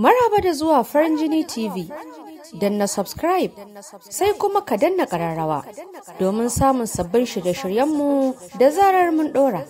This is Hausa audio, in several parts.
Maraba da zuwa farin jini TV. na subscribe sai kuma ka danna kararrawa domin samun sabbin shirye-shiryenmu da zarar mun dora.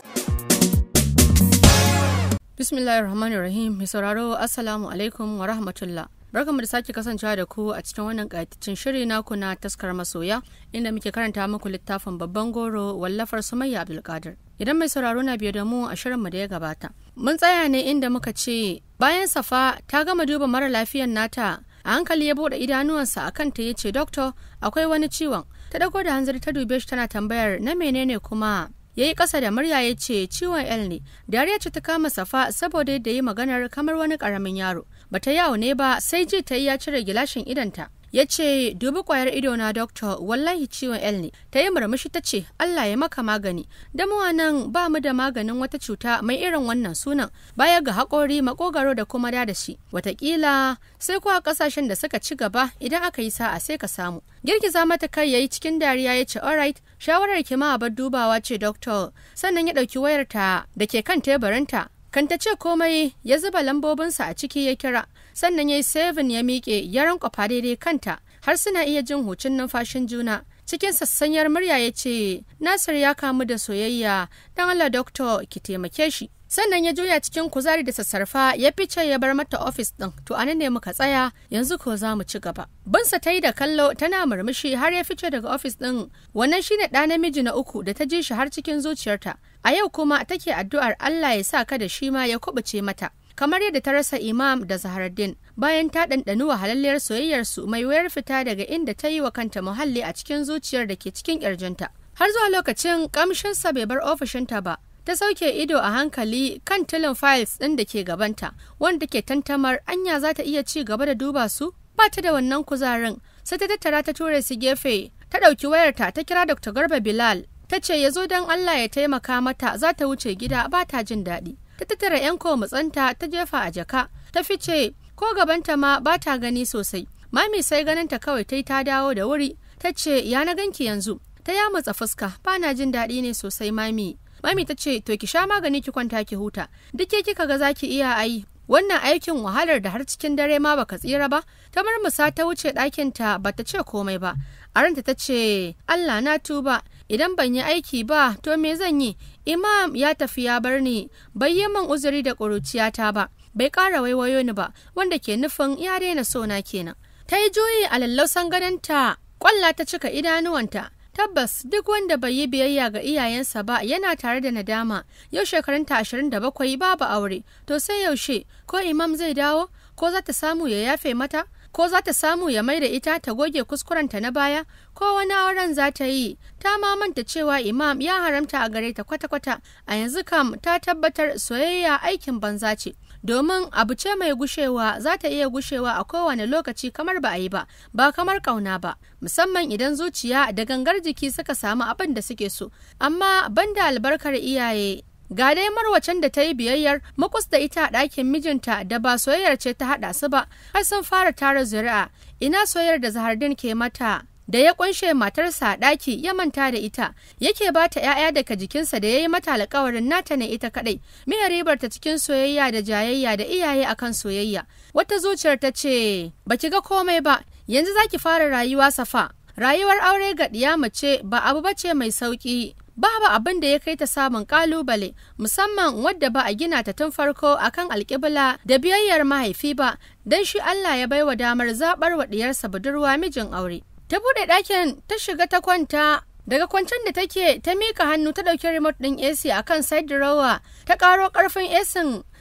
Bismillahir Rahim, mai sauraro Assalamu alaikum wa rahmatullah. barkamu da sake kasancewa da ku a cikin wannan ƙayataccen shiri naku na taskar masoya inda muke karanta muku littafin babban goro wallafar Sumayya Abdulkadir. Idan mai sauraro na biyo da mu a shirinmu da ya gabata. Mun tsaya ne inda muka ce bayan safa ta gama duba mara lafiyan nata a hankali ya bude idanuwansa a kanta ya ce doctor akwai wani ciwon ta ɗauko da hanzari ta dube shi tana tambayar na menene kuma ya yi ƙasa da murya ya ce ciwon el ne dariya ce ta kama safa saboda yadda yi maganar kamar wani ƙaramin yaro Ba ta yawo ne ba sai ji ta yi ya cire gilashin idanta ya ce dubi kwayar ido na, doctor wallahi ciwon el ne ta yi murmushi ta ce allah ya maka magani damuwa nan ba mu da maganin wata cuta mai irin wannan sunan baya ga haƙori makogaro da kuma da shi watakila sai kuwa ƙasashen da suka ci gaba idan aka yi sa'a sai ka samu girgiza mata kai yayi cikin dariya ya ce alright shawarar ki ma bar dubawa ce doctor sannan ya ɗauki wayarta da ke kan teburinta kan ta ce komai ya zuba lambobinsa a ciki ya kira sannan ya yi seven ya miƙe ya rankwafa daidai kanta har suna iya jin hucin numfashin juna cikin sassanyar murya ya ce nasir ya kamu da soyayya don allah doctor ki taimake shi sannan ya juya cikin kuzari da sassarfa ya fice ya bar mata ofis din to anan ne muka tsaya yanzu ko za mu ci gaba Binsa ta yi da kallo tana murmushi har ya fice daga ofis din wannan shine ɗa namiji na uku da ta ji shi har cikin zuciyarta a yau kuma take addu'ar allah ya sa ka da shi ma ya kubuce mata kamar yadda ta rasa imam da zaharaddin bayan ta ɗanɗani wahalalliyar soyayyarsu mai wayar fita daga inda ta yi wa kanta muhalli a cikin zuciyar da ke cikin ƙirjinta har zuwa lokacin sa bai bar ofishinta ba ta sauke ido a hankali kan tilin files ɗin da ke gabanta wanda ke tantamar anya za ta iya ci gaba da duba su ba ta da wannan kuzarin sai ta tattara ta ture su gefe ta ɗauki wayarta ta kira dr garba bilal ta ce ya zo don allah ya taimaka mata za ta wuce gida ba ta jin daɗi ta tattara 'yan komatsanta ta jefa a jaka ta fice ko gabanta ma ba ta gani sosai mami sai ganinta kawai ta yi ta dawo da wuri ta ce ya na ganki yanzu ta ya yamutsa fuska ba na jin daɗi ne sosai mami mami ta ce to ki sha magani ki kwanta ki huta duk kika ga zaki iya ayi wannan aikin wahalar da har cikin dare ma baka tsira ba ta murmusa ta wuce ɗakinta ba ta ce komai ba a ranta ta ce allah na tuba idan ban yi aiki ba to me zan yi imam ya tafi ya bar ni bai yi min uzuri da ƙuruciyata ba bai ƙara waiwayo ni ba wanda ke nufin ya daina sona kenan ta yi juyi a lallausan gadonta ƙwalla ta cika idanuwanta tabbas duk wanda bai yi biyayya ga iyayensa ba yana tare da nadama yau shekarunta ashirin da bakwai babu aure to sai yaushe ko imam zai dawo ko za ta samu ya yafe mata ko za ta samu ya mai da ita ta goge kuskurenta na baya ko wani auren za ta yi ta mamanta cewa imam ya haramta a gare ta kwata-kwata a yanzu kam ta tabbatar soyayya aikin banza ce domin abu ce mai gushewa za ta iya gushewa a kowane lokaci kamar ba a yi ba ba kamar kauna ba musamman idan zuciya da gangar jiki suka samu abin da suke so amma banda albarkar iyaye Ga dai marwacin da ta yi biyayyar makwas da ita a ɗakin mijinta da ba soyayyar ce ta haɗa su ba, har sun fara tara zuri'a. Ina soyayyar da Zahardin ke mata. da ya kunshe matarsa a ɗaki ya manta da ita yake ba ta 'ya'ya daga jikinsa da ya yi mata alkawarin nata ne ita kaɗai miya ribar ta cikin soyayya da jayayya da iyaye akan soyayya wata zuciyar ta ce baki ga komai ba yanzu zaki fara rayuwa safa rayuwar aure ga ɗiya mace ba abu bace mai sauƙi babu abin da ya kai ta samun kalubale musamman wadda ba a gina ta tun farko akan alkibla da biyayyar mahaifi ba don shi Allah ya baiwa damar zaɓar wa diyarsa budurwa mijin aure. Ta bude ɗakin ta shiga ta kwanta daga kwancen da take ta mika hannu ta ɗauki remote ɗin AC akan side drawer ta ƙaro ƙarfin AC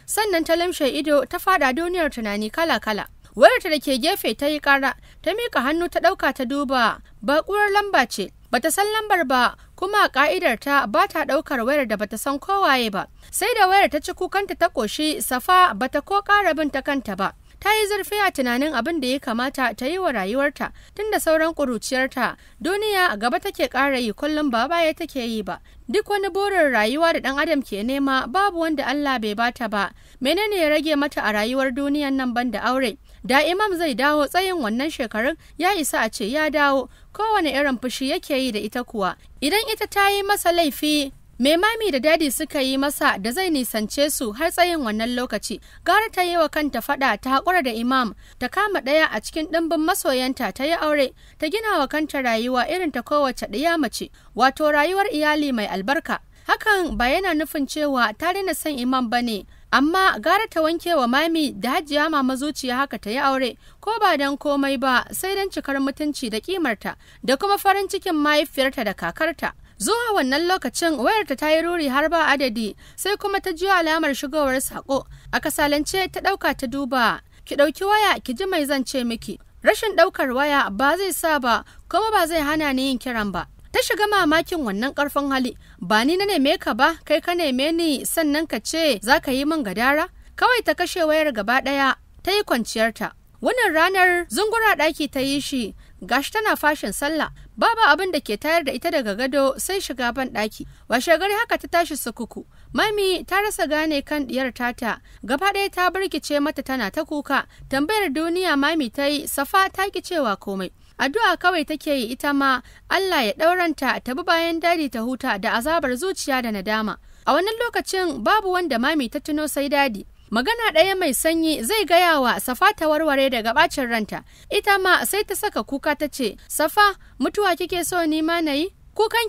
sannan ta lamshe ido ta faɗa duniyar tunani kala-kala. wayarta da ke gefe ta yi kara ta mika hannu ta ɗauka ta duba baƙuwar lamba ce bata san lambar ba kuma ƙa'idar ka'idar ta ba ta ɗaukar wayar da bata san kowaye ba sai da wayar ta ci kukanta ta ƙoshi safa bata ko kara bin ta kanta ba ta yi zurfi a tunanin abin da ya kamata ta yi wa rayuwarta tunda sauran ƙuruciyarta duniya gaba take ƙara yi kullum ba baya take yi ba duk wani burin rayuwa da ɗan adam ke nema babu wanda Allah bai bata ba menene ya rage mata a rayuwar duniyan nan banda aure da imam zai dawo tsayin wannan shekarun ya isa a ce ya dawo kowane irin fushi yake yi da ita kuwa idan ita ta yi masa laifi Me mami da dadi suka yi masa da zai nisance su har tsayin wannan lokaci, gara ta yi wa kanta fada ta haƙura da imam, ta kama ɗaya a cikin ɗimbin masoyanta ta yi aure, ta gina wa kanta rayuwa irin ta kowace ɗiya mace, wato rayuwar iyali mai albarka. Hakan ba yana nufin cewa ta daina son imam ba ne, amma gara ta wanke wa mami da hajiya mama zuciya haka ta yi aure ko ba dan komai ba sai don cikar mutunci da kimarta da kuma farin cikin mahaifiyarta da kakarta zuwa wannan lokacin wayarta ta yi ruri har ba adadi sai kuma ta jiyo alamar shigowar sako a kasalance ta ɗauka ta duba ki ɗauki waya ki ji mai zan ce miki rashin ɗaukar waya ba zai sa ba kuma ba zai hana ni yin kiran ba ta shiga mamakin wannan karfin hali ba ni na neme ka ba kai ka neme ni sannan ka ce za ka yi min gadara kawai ta kashe wayar gaba ɗaya ta yi kwanciyarta wannan ranar zungura ɗaki ta yi shi gashi tana fashin sallah babu abin da ke tayar da ita daga gado sai shiga ban ɗaki washe gari haka ta tashi sukuku mami ta rasa gane kan diyar tata gaba ɗaya ta birkice mata tana ta kuka tambayar duniya mami ta yi safa ta ki cewa komai addu'a kawai take yi ita ma Allah ya ɗauranta ta bi bayan dadi ta huta da azabar zuciya da nadama. A wannan lokacin babu wanda mami ta tuno sai dadi. Magana ɗaya mai sanyi zai gaya wa Safa ta warware daga ɓacin ranta. Ita ma sai ta saka kuka ta ce, Safa, mutuwa kike so ni ma na yi?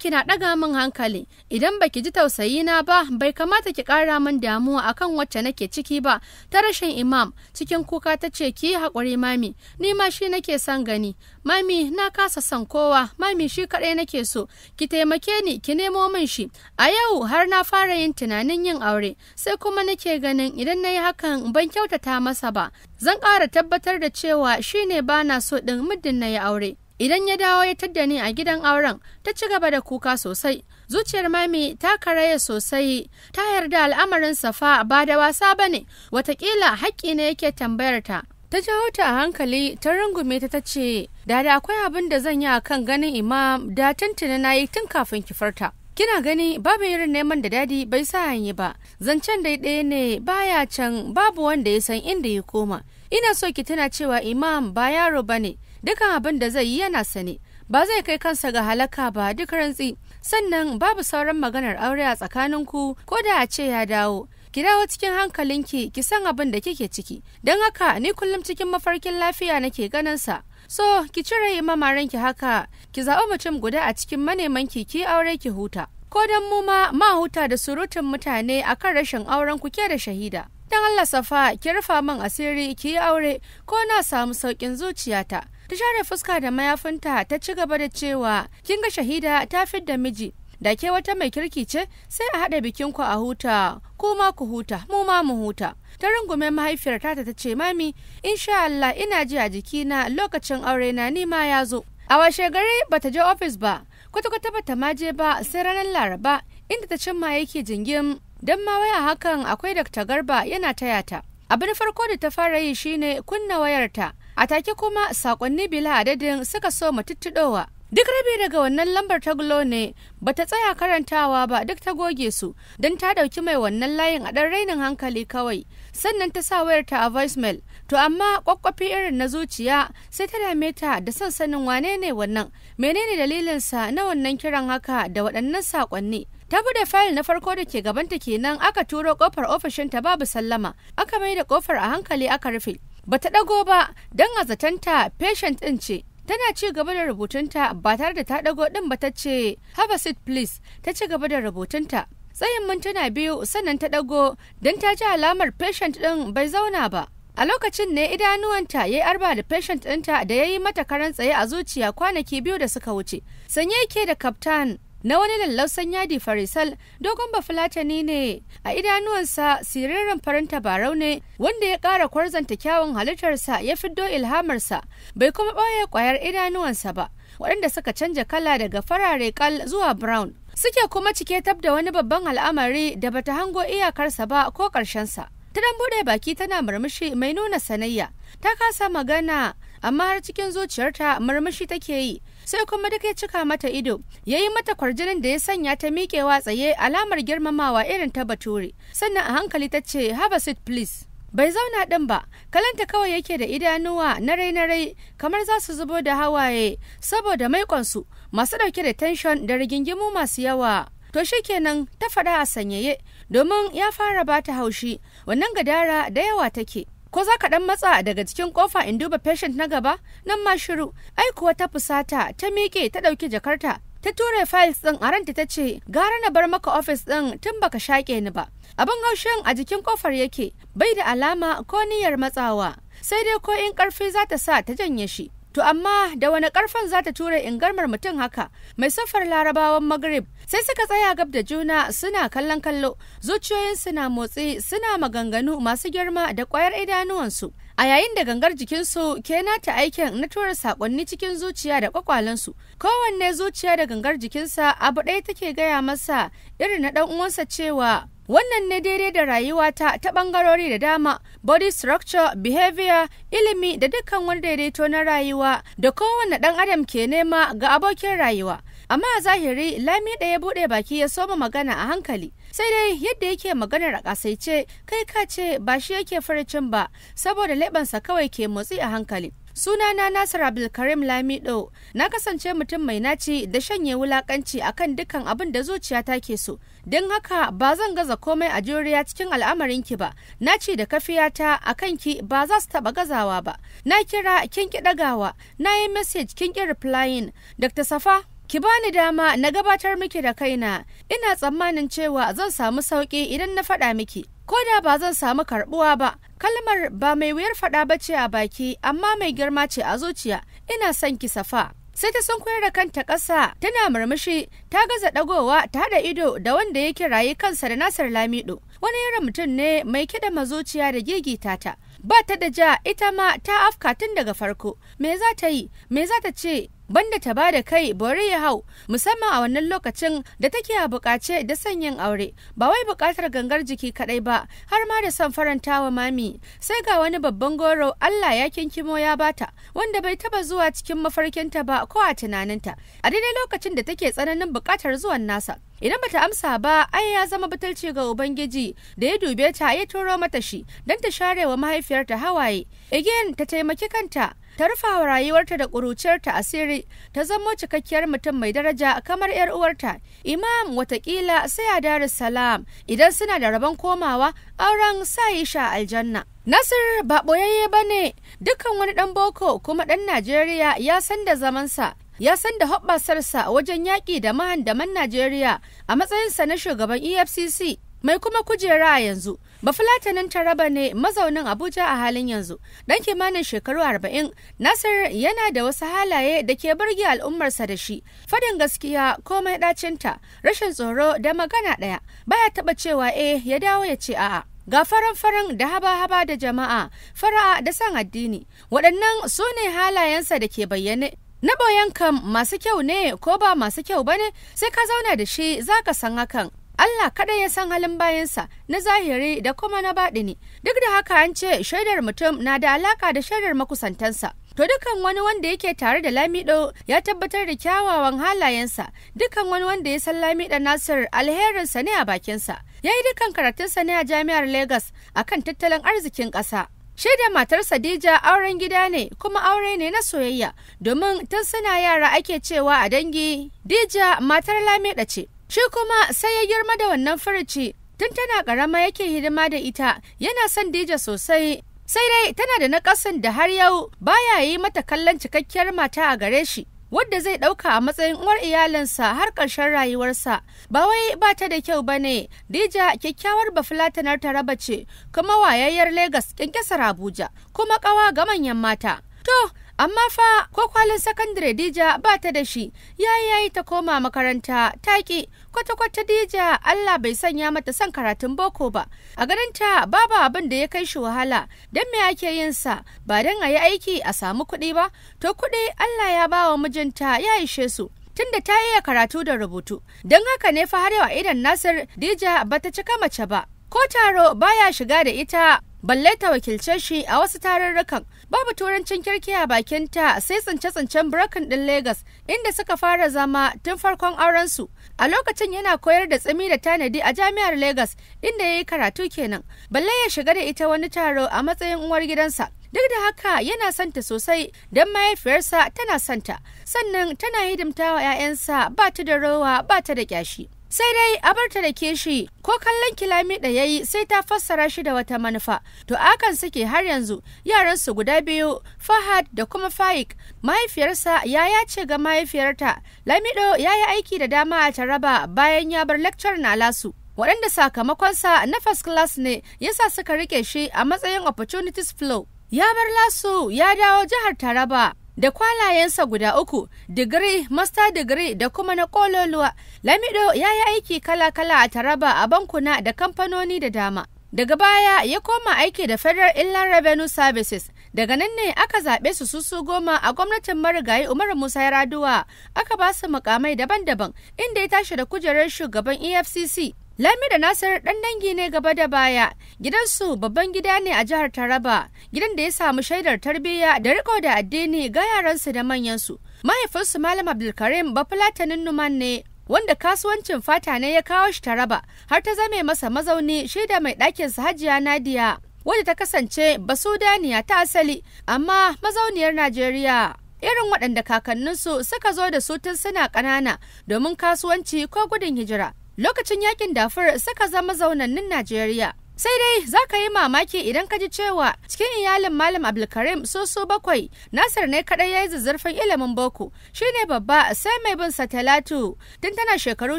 ki na ɗaga min hankali idan baki ji tausayi na ba bai kamata ki ƙara min damuwa akan wacce nake ciki ba ta rashin imam cikin kuka ta ce ki haƙuri mami ni ma shi nake son gani mami na kasa son kowa mami shi kaɗai nake so ki taimake ni ki nemo min shi a yau har na fara yin tunanin yin aure sai kuma nake ganin idan na yi hakan ban kyautata masa ba zan ƙara tabbatar da cewa shi ne ba na so ɗin muddin na yi aure Idan ya dawo ya tadda ni a gidan auren, ta ci gaba da kuka sosai. Zuciyar mami ta karaya sosai, ta yarda al'amarin safa ba da wasa ba ne, watakila haƙƙi ne yake tambayar ta. Ta jawo ta a hankali ta rungume ta ta ce, da da akwai abin da zan yi a kan ganin imam da tuntuni na yi tun kafin ki farta. kina gani babu irin neman da dadi bai sa yi ba zancen dai ɗaya ne baya can babu wanda ya san inda ya koma ina so ki tana cewa imam ba yaro ba ne dukan abin da zai yi yana sane ba zai kai kansa ga halaka ba duk rantsi sannan babu sauran maganar aure a tsakanin ku ko da a ce ya dawo ki dawo cikin hankalinki ki san abin da kike ciki don haka ni kullum cikin mafarkin lafiya nake ganin sa so ki cire mamaren ki haka ki zaɓi mutum guda a cikin maneman ki ki aure ki huta ko don mu ma ma huta da surutun mutane akan rashin auren ku ke da shahida don Allah safa ki rufa min asiri ki yi aure ko na samu sauƙin zuciyata ta share fuska da mayafinta ta ci gaba da cewa kin ga shahida ta da miji da ke wata mai kirki ce sai a haɗa bikin ku a huta kuma ku huta mu ma mu huta ta rungume mahaifiyar tata ta ce mami insha Allah ina ji a jikina lokacin aure na ni ma ya zo a washe gari bata je ofis ba kwata-kwata bata ma je ba sai ranar laraba inda ta cimma yake jingim don ma waya hakan akwai dakta Garba yana taya ta. Abin farko da ta fara yi shine kunna wayarta a take kuma sakonni bila adadin suka so tuttuɗowa duk rabi daga wannan lambar ta gulo ne ba ta tsaya karantawa ba duk ta goge su don ta ɗauki mai wannan layin a ɗan rainin hankali kawai sannan ta sa wayarta a voicemail to amma kwakwafi irin na zuciya sai ta dame ta da son sanin wane ne wannan menene dalilinsa na wannan kiran haka da waɗannan sakonni ta bude fayil na farko da ke gabanta kenan aka turo kofar ofishinta babu sallama aka mai da kofar a hankali aka rufe bata dago ba don a zatanta patient din ce tana ci gaba da rubutunta ba tare da ta dago din ba ta ce have a seat please ta ci gaba da rubutunta tsayin mintuna biyu sannan ta dago don ta ji alamar patient din bai zauna ba a lokacin ne idanuwanta ya yi arba da patient ɗinta da ya yi mata karan tsaye a zuciya kwanaki biyu da suka wuce sanye ke da kaptan. na wani lallausan yadi farisal dogon bafulatani ne a idanuwansa siririn farin tabarau ne wanda ya ƙara kwarzanta kyawun halittarsa ya fiddo ilhamarsa bai kuma ɓoye ƙwayar idanuwansa ba waɗanda suka canja kala daga farare kal zuwa brown suke kuma cike tab da wani babban al'amari da bata hango iyakarsa ba ko ƙarshensa ta dan buɗe baki tana murmushi mai nuna sanayya ta kasa magana amma har cikin zuciyarta marmashi take yi sai kuma duka ya cika mata ido ya yi mata kwarjinin da ya sanya ta miƙewa tsaye alamar girmamawa irin ta bature sannan a hankali ta ce have a seat please bai zauna ɗin ba kalanta kawai yake da idanuwa na rai na rai kamar za su zubo da hawaye saboda maikonsu masu ɗauke da tension da rigingimu masu yawa to shikenan ta faɗa a sanyaye domin ya fara bata haushi wannan gadara da yawa take ko za ka ɗan matsa daga cikin kofa in duba patient na gaba nan ma shiru ai kuwa ta fusata ta miƙe ta ɗauki jakarta ta ture files ɗin a ranta ta ce gara na bar maka ofis ɗin tun baka shaƙe ni ba abin haushin a jikin kofar yake bai da alama ko niyyar matsawa sai dai ko in ƙarfi za ta sa ta janye shi To amma da wani karfan za ta tura in garmar mutum haka mai safar larabawan magrib sai suka tsaya gab da juna suna kallon kallo zuciyoyinsu na motsi suna maganganu masu girma da kwayar idanuwansu a yayin da gangar jikinsu ke nata aikin na tura sakonni cikin zuciya da kwakwalensu kowanne zuciya da gangar jikinsa abu ɗaya take gaya masa irin na ɗan uwansa cewa Wannan ne daidai da rayuwata ta bangarori da dama, body structure, behavior, ilimi da dukkan wani daidaito na rayuwa da kowane ɗan adam ke nema ga abokin rayuwa. Amma a zahiri lami ɗaya buɗe baki ya soma magana a hankali. Sai dai yadda yake maganar a ƙasaice kai ka ce ba shi yake farcin ba saboda leɓensa kawai ke motsi a hankali. Sunana Nasir Abdulkarim Lamido na kasance mutum mai naci da shanye wulakanci akan dukkan abin da zuciyata ke so. Don haka ba zan gaza komai a juriya cikin al'amarin ki ba. Na ce da kafiyata a ki ba za su taba gazawa ba. Na kira kin ki dagawa, na yi message kin ki replying. Dr. Safa Ki bani dama na gabatar miki da kaina, ina tsammanin cewa zan samu sauƙi idan na faɗa miki. Ko da ba zan samu karbuwa ba, kalmar ba mai wuyar faɗa ba ce a baki, amma mai girma ce a zuciya, ina son ki safa. Sai ta sun da kanta ƙasa, tana murmushi, ta gaza ɗagowa, ta haɗa ido da wanda yake kirayi kansa da nasar Lamido. Wani irin mutum ne mai kiɗa mazuciya da gigita ta. Ba ta da ja, ita ma ta afka tun daga farko. Me za ta yi? Me za ta ce? banda ta ba da kai bari ya hau musamman a wannan lokacin da take a bukace da sanyin aure ba wai bukatar gangar jiki kadai ba har ma da son faranta wa mami sai ga wani babban goro Allah ya kinkimo ya bata wanda bai taba zuwa cikin mafarkinta ba ko a tunaninta a daidai lokacin da take tsananin bukatar zuwan nasa idan bata amsa ba ai ya zama batalci ga ubangiji da ya dube ta ya turo mata shi don ta share wa mahaifiyarta hawaye again ta taimaki kanta ta rufawa rayuwarta da ƙuruciyarta asiri ta zamo cikakkiyar mutum mai daraja kamar 'yar uwarta imam watakila sai a salam idan suna da rabon komawa auren sa'isha aljanna Nasir ba ɓoyayye ba ne dukkan wani ɗan boko kuma ɗan Najeriya ya san da zamansa ya san da hoɓɓasarsa wajen yaƙi da mahandaman Najeriya a matsayinsa na shugaban EFCC mai kuma kujera a yanzu Bafulatanin Taraba ne mazaunin Abuja a halin yanzu. Dan kimanin shekaru arba'in, Nasir yana da wasu halaye da ke burge al'ummarsa da shi. Fadin gaskiya komai ɗacinta, rashin tsoro da magana ɗaya. Baya taɓa cewa eh ya dawo ya ce a'a. ga farin farin da haba-haba da jama'a fara'a da san addini waɗannan su ne halayensa da ke bayyane na boyan kam masu kyau ne ko ba masu kyau bane sai ka zauna da shi za ka san hakan Allah kaɗai ya san halin bayansa na zahiri da kuma na baɗi ne. Duk da haka an ce shaidar mutum na da alaka da shaidar makusantansa. To dukan wani wanda yake tare da Lamido ya tabbatar da kyawawan halayensa, dukan wani wanda ya san Lamido Nasir alherinsa ne a bakinsa. Ya yi dukan karatunsa ne a jami'ar Legas a kan tattalin arzikin ƙasa. Shaida matar Sadija auren gida ne kuma aure ne na soyayya domin tun suna yara ake cewa a dangi Dija matar Lamido ce. Shi kuma sai ya girma da wannan furici tun tana ƙarama yake hidima da ita yana son Dija sosai. Sai dai tana da naƙasin da har yau baya yi mata kallon cikakkiyar mata a gare shi. Wadda zai ɗauka a matsayin uwar iyalinsa har ƙarshen rayuwarsa, ba wai ba ta da kyau ba ne, Dija kyakkyawar bafulatanar taraba ce, kuma wayayyar Legas ƙinƙisar Abuja, kuma ƙawa ga manyan mata. To, amma fa ko kwalin sakandare dija ba ta da shi yayi yayi ta koma makaranta taki kwata-kwata dija allah bai sanya mata son karatun boko ba a ta babu abin da ya kai shi wahala don me ake yin sa ba don a yi aiki a samu kuɗi ba to kuɗi allah ya ba wa mijinta ya ishe su tunda ta iya karatu da rubutu don haka ne fa har yau a idan nasir dija ba ta cika mace ba ko taro baya shiga da ita balle ta wakilce shi a wasu tarurrukan babu turancin kirki a bakinta sai tsince-tsincen burakan ɗin Legas inda suka fara zama tun farkon aurensu. A lokacin yana koyar da tsimi da tanadi a jami'ar Legas inda ya yi karatu kenan. Balle ya shiga da ita wani taro a matsayin uwar gidansa. Duk da haka yana santa sosai don mahaifiyarsa tana santa, sannan tana hidimta wa 'ya'yansa ba ta da rowa ba ta da kyashi. sai dai a abarta da kishi ko kallon kilami da yayi sai ta fassara shi da wata manufa to akan suke har yanzu yaransu guda biyu fahad da kuma faik mahaifiyarsa ya ya ce ga mahaifiyarta lamido ya yi aiki da dama a taraba bayan ya bar lakcar na lasu waɗanda sakamakonsa na first class ne yasa suka rike shi a matsayin opportunities flow ya bar lasu ya dawo jihar taraba da kwalayensa guda uku digiri masta digiri da kuma na kololuwa lamido ya yi aiki kala-kala a taraba a bankuna da kamfanoni da dama daga baya ya koma aiki da federal inland revenue services daga nan ne aka zaɓe su susu goma a gwamnatin marigayi umaru musa raduwa aka ba su mukamai daban-daban inda ya tashi da kujerar shugaban efcc Lami da Nasir ɗan dangi ne gaba da baya. Gidansu babban gida ne a jihar Taraba, gidan da ya samu shaidar tarbiyya da riko da addini ga yaransu da manyansu. Mahaifinsu Malam Abdulkarim Bafulatanin Numan ne wanda kasuwancin fata ne ya kawo shi Taraba har ta zame masa mazauni shaida mai ɗakin ɗakinsa Hajiya Nadiya. Wadda ta kasance basudaniya ta asali amma mazauniyar Najeriya. irin waɗanda kakanninsu suka zo da su tun suna ƙanana domin kasuwanci ko gudun hijira lokacin yakin dafur saka zama zaunannin Najeriya. Sai dai za ka yi mamaki idan ka ji cewa cikin iyalin Malam Abdulkarim so bakwai Nasir ne kadai ya yi zazzarfin ilimin boko shine babba sai mai bin talatu tun tana shekaru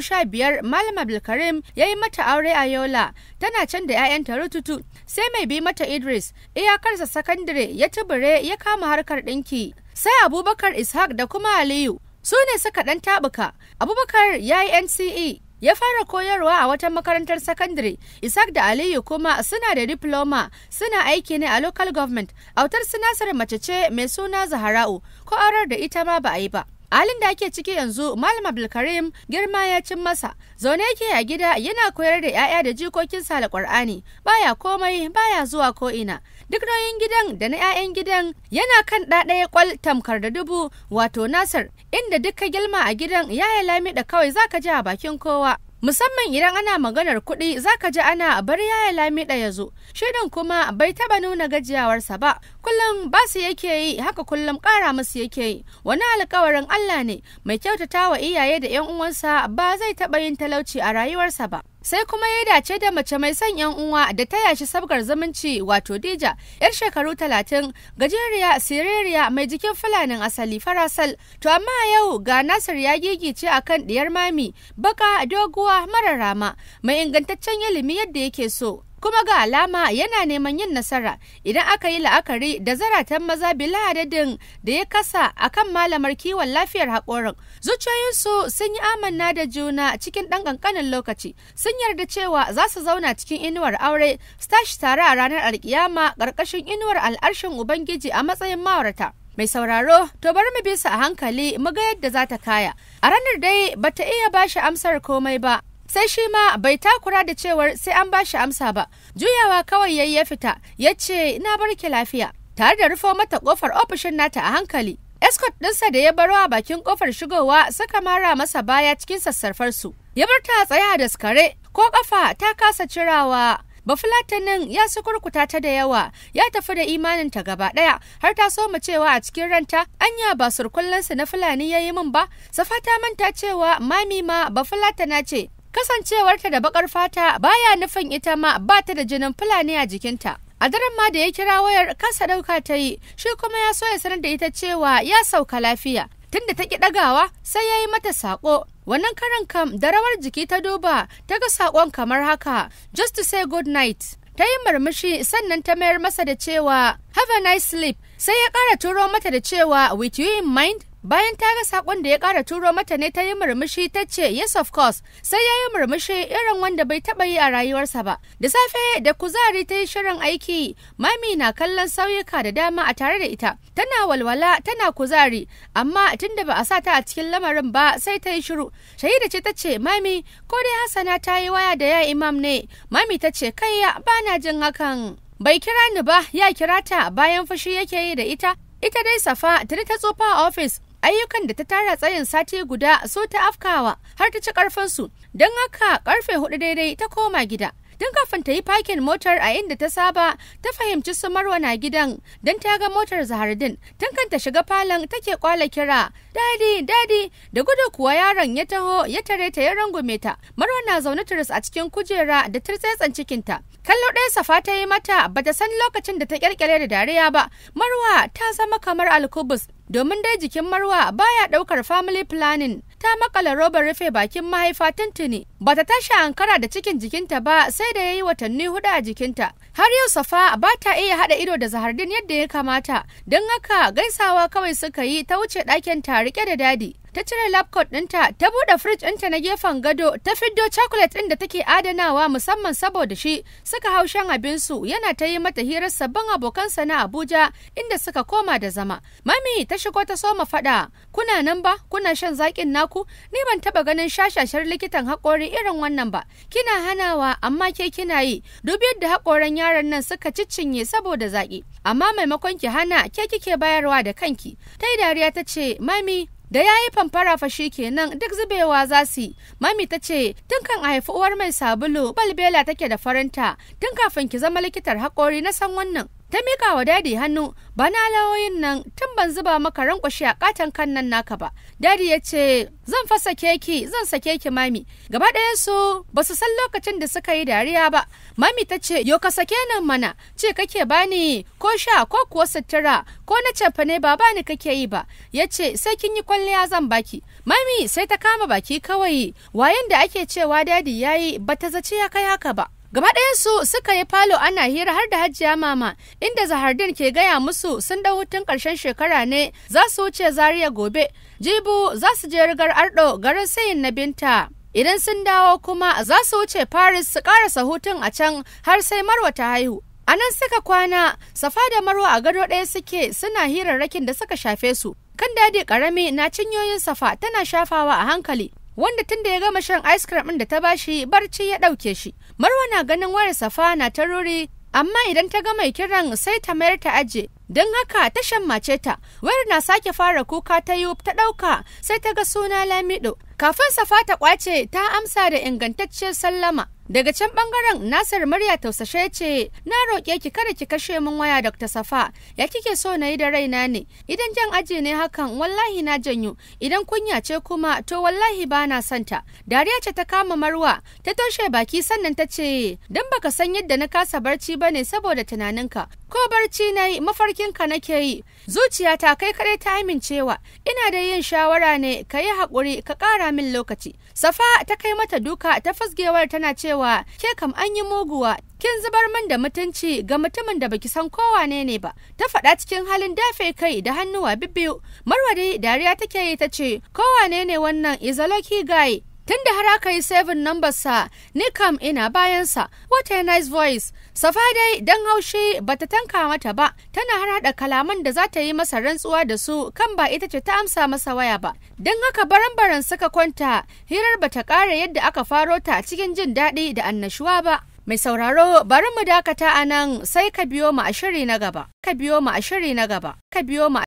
sha biyar Malam Abdulkarim ya yi mata aure a Yola tana can da 'ya'yanta rututu sai mai bi mata Idris iyakarsa sakandare ya tubure ya kama harkar ɗinki sai Abubakar Ishaq da kuma Aliyu su ne suka ɗan tabuka Abubakar ya yi NCE ya fara koyarwa a wata makarantar sakandare isaac da aliyu kuma suna da diploma suna aiki ne a local government autar sinasar mace ce mai suna zahara'u ko aurar da ita ma ba a yi ba halin da ake ciki yanzu malam abdulkarim girma ya cin masa zaune yake a gida yana koyar da 'ya'ya da jikokinsa da ƙwar'ani baya komai baya zuwa ko ina duk nauyin gidan da na 'ya'yan gidan yana kan ɗaɗaya kwal tamkar da dubu wato nasir inda duka girma a gidan yaya lami da kawai zaka ji a bakin kowa musamman idan ana maganar kuɗi za ka ji ana bar yaya lamiɗa ya zo shirin kuma bai taɓa nuna gajiyawarsa ba kullum ba su yake yi haka kullum ƙara musu yake yi wani alkawarin Allah ne mai kyautatawa iyaye da 'yan uwansa ba zai taɓa yin talauci a rayuwarsa ba sai kuma ya dace da mace mai son yan uwa da ta yashi sabgar zumunci wato dija yar shekaru talatin gajeriya siririya mai jikin fulanin asali farasal to amma yau ga nasir ya gigice kan diyar mami baka doguwa mara rama mai ingantaccen ilimi yadda yake so kuma ga alama yana neman yin nasara idan aka yi la'akari da zaratan maza bila adadin da ya kasa a kan malamar kiwon lafiyar haƙorin zuciyoyinsu sun yi amanna da juna cikin ɗan ƙanƙanin lokaci sun yarda cewa za su zauna cikin inuwar aure su tare a ranar alkiyama ƙarƙashin inuwar al'arshin ubangiji a matsayin ma'aurata mai sauraro to bari mu bisa a hankali mu ga yadda za ta kaya a ranar dai bata iya bashi amsar komai ba sai shi ma bai takura da cewar sai an ba shi amsa ba juyawa kawai yayi ya fita ya ce ina barki lafiya tare da rufo mata kofar ofishin nata a hankali escort ɗinsa da ya baro a bakin kofar shigowa suka mara masa baya cikin sassarfar su ya bar ta tsaya a daskare. ko kafa ta kasa cirawa bafulatanin ya sukurkuta ta da yawa ya tafi da imaninta gaba ɗaya har ta soma cewa a cikin ranta anya ba surkullansa na fulani ya yi min ba safa ta manta cewa mami ma bafulatana ce Kasancewarta da bakar fata baya nufin ita ma ba ta da jinin Fulani a jikinta. A daren ma da ya kira wayar kasa dauka ta yi, shi kuma ya so ya sanar da ita cewa ya sauka lafiya. Tunda ta ki ɗagawa sai ya yi mata sako Wannan karan kam da rawar jiki ta duba ta ga sakon kamar haka, just to say good night. ta yi murmushi sannan ta mayar masa da cewa have a nice sleep sai ya kara turo mata da cewa with you in mind Bayan ta ga sakon da ya kara turo mata ne ta yi murmushi ta ce yes of course sai ya yi murmushi irin wanda bai taba yi a rayuwarsa ba. Da safe da kuzari ta yi shirin aiki mami na kallon sauyuka da dama a tare da ita tana walwala tana kuzari amma tunda ba a sa ta a cikin lamarin ba sai ta yi shiru. Shahida ce ta ce mami ko dai Hassana ta yi waya da ya imam ne mami ta ce ya bana jin hakan. Bai kira ni ba ya kira ta bayan fushi yake yi da ita Ita dai Safa tuni ta tsufa a ofis ayyukan da ta tara tsayin sati guda so ta afkawa har ta ci karfansu don haka karfe hudu daidai ta koma gida don kafin ta yi fakin motar a inda ta saba ta fahimci su marwa na gidan don ta ga motar zahardin tun kan ta shiga falon take kwala kira dadi dadi da gudu kuwa yaron ya taho ya tare ta ya rangume ta marwa na zaune turis a cikin kujera da tirtsetsen cikinta kallo ɗaya safa ta yi mata ba ta san lokacin da ta kyalkyale da dariya ba marwa ta zama kamar alkubus domin dai jikin Marwa baya ɗaukar family planning ta makala robar rufe bakin mahaifa tuntuni ba ta tashi ankara da cikin jikinta ba sai da ya yi watanni hudu a jikinta har yau safa ba ta iya haɗa ido da zahardin yadda ya kamata don haka gaisawa kawai suka yi ta wuce ɗakin ta rike da dadi ta cire lab ɗinta ta buɗe fridge ɗinta na gefen gado ta fiddo chocolate ɗin da take adanawa musamman saboda shi suka hau shan su, yana ta yi mata hirar sabbin abokansa na Abuja inda suka koma da zama. Mami ta shigo ta soma faɗa kuna nan ba kuna shan zaƙin naku ni ban taɓa ganin shashashar likitan haƙori irin wannan ba kina hanawa amma ke kina yi dubi yadda haƙoran yaran nan suka ciccinye saboda zaƙi amma maimakon ki hana ke kike bayarwa da kanki. Ta yi dariya ta ce mami da ya yi famfara fashe kenan duk zubewa za su mami ta ce tun kan a haifi uwar mai sabulu balbela take da farinta tun kafin ki zama likitar hakori na san wannan ta mika wa dadi hannu bana lawoyin nan tun ban zuba maka rankwashe a katon kan nan naka ba Dadi ya ce, Zan fasa keki, zan sake ki mami. Gaba ɗaya su ba su san lokacin da suka yi dariya ba. Mami ta ce, Yo ka sake nan mana, ce kake bani ko sha ko kuwa sutura ko na cefa ne ba bani kake yi ba. Ya ce, Sai kin yi kwalliya zan baki. Mami sai ta kama baki kawai, wayan da ake cewa dadi ya yi ba ta zace ya kai haka ba. Gaba su suka yi falo ana hira har da hajiya mama inda zahardin ke gaya musu sun ɗau hutun ƙarshen shekara ne za su wuce Zariya gobe. Jibu za su je rigar arɗo garin sayin na binta. Idan sun dawo kuma za su wuce Paris su ƙarasa hutun a can har sai Marwa ta haihu. A nan suka kwana, Safa da Marwa a gado ɗaya suke suna hirarrakin da suka shafe su. Kan dadi ƙarami na cinyoyin Safa tana shafawa a hankali, wanda tun da ya gama shan ice cream ɗin da ta bashi barci ya ɗauke shi. Marwa na ganin wayar safa na ta ruri amma idan ta ga mai kiran sai ta mayar ta aje don haka ta mace ta wayar na sake fara kuka ta yi ta ɗauka sai ta ga suna lamido Kafin Safa ta kwace ta amsa da ingantacciyar sallama. Daga can bangaren Nasir murya tausashe ce, "Na roƙe ki kada ki kashe min waya Dr. Safa, ya kike so na yi da raina ne, idan jan aji ne hakan wallahi na janyo, idan kunya ce kuma to wallahi ba na santa." Dariya ce ta kama Marwa, ta toshe baki sannan ta ce, "Dan baka san yadda na kasa barci ba ne saboda tunaninka, ko barci na yi mafarkinka nake yi, zuciya ta kai kaɗai ta amincewa, ina da yin shawara ne ka yi haƙuri ka ƙara min lokaci. Safa ta kai mata duka ta fasgewar tana cewa ke kam an yi muguwa kin zubar min da mutunci ga mutumin da baki san kowa ne ba ta faɗa cikin halin dafe kai da hannuwa bibbiyu marwa dai dariya take yi ta ce kowa ne wannan izaloki guy tun da har aka yi seven sa ni kam ina bayansa what a nice voice safa dai dan haushi ta tanka mata ba tana har hada kalaman da za ta yi masa rantsuwa da su kan ba ita ce ta amsa masa waya ba don haka baran-baran suka kwanta hirar ba ta kare yadda aka faro ta a cikin jin daɗi da annashuwa ba Mai sauraro bari mu dakata a nan sai ka biyo mu a shiri na gaba. Ka biyo mu a shiri na gaba. Ka biyo mu